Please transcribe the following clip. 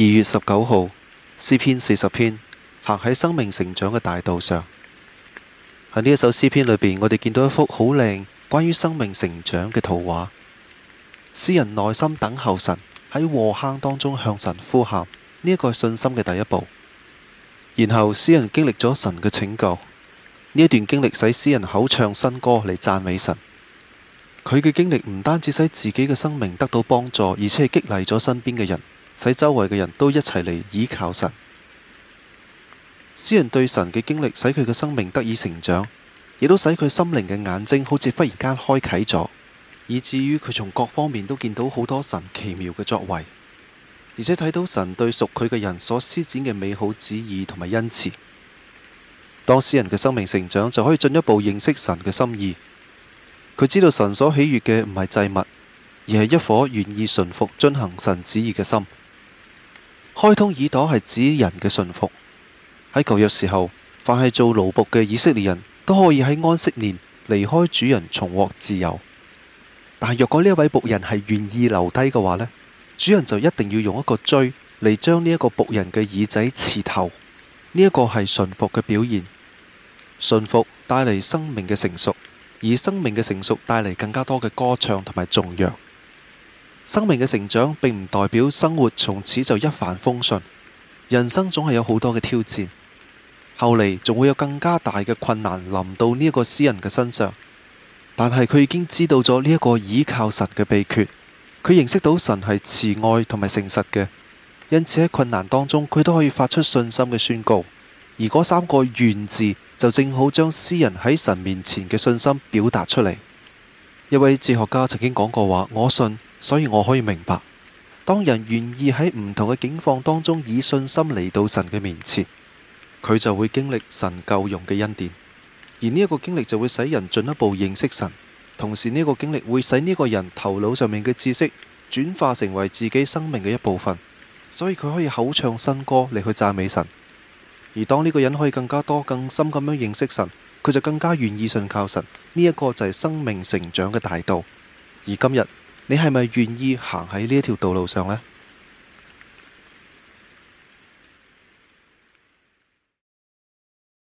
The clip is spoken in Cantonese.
二月十九號，詩篇四十篇，行喺生命成長嘅大道上。喺呢一首詩篇裏邊，我哋見到一幅好靚關於生命成長嘅圖畫。詩人耐心等候神，喺禍坑當中向神呼喊，呢一個係信心嘅第一步。然後，詩人經歷咗神嘅拯救，呢一段經歷使詩人口唱新歌嚟讚美神。佢嘅經歷唔單止使自己嘅生命得到幫助，而且係激勵咗身邊嘅人。使周圍嘅人都一齊嚟倚靠神。詩人對神嘅經歷，使佢嘅生命得以成長，亦都使佢心靈嘅眼睛好似忽然間開啓咗，以至於佢從各方面都見到好多神奇妙嘅作為，而且睇到神對屬佢嘅人所施展嘅美好旨意同埋恩慈。當詩人嘅生命成長，就可以進一步認識神嘅心意。佢知道神所喜悅嘅唔係祭物，而係一顆願意順服、遵行神旨意嘅心。開通耳朵係指人嘅順服。喺舊約時候，凡係做奴僕嘅以色列人都可以喺安息年離開主人，重獲自由。但係若果呢一位僕人係願意留低嘅話呢，主人就一定要用一個錐嚟將呢一個僕人嘅耳仔刺透。呢、這、一個係順服嘅表現。順服帶嚟生命嘅成熟，而生命嘅成熟帶嚟更加多嘅歌唱同埋頌揚。生命嘅成長並唔代表生活從此就一帆風順，人生總係有好多嘅挑戰，後嚟仲會有更加大嘅困難臨到呢一個詩人嘅身上，但係佢已經知道咗呢一個倚靠神嘅秘訣，佢認識到神係慈愛同埋誠實嘅，因此喺困難當中佢都可以發出信心嘅宣告，而嗰三個願字就正好將詩人喺神面前嘅信心表達出嚟。一位哲學家曾經講過話：我信，所以我可以明白。當人願意喺唔同嘅境況當中，以信心嚟到神嘅面前，佢就會經歷神夠用嘅恩典。而呢一個經歷就會使人進一步認識神，同時呢個經歷會使呢個人頭腦上面嘅知識轉化成為自己生命嘅一部分，所以佢可以口唱新歌嚟去讚美神。而當呢個人可以更加多、更深咁樣認識神，佢就更加願意信靠神。呢一個就係生命成長嘅大道。而今日你係咪願意行喺呢一條道路上呢？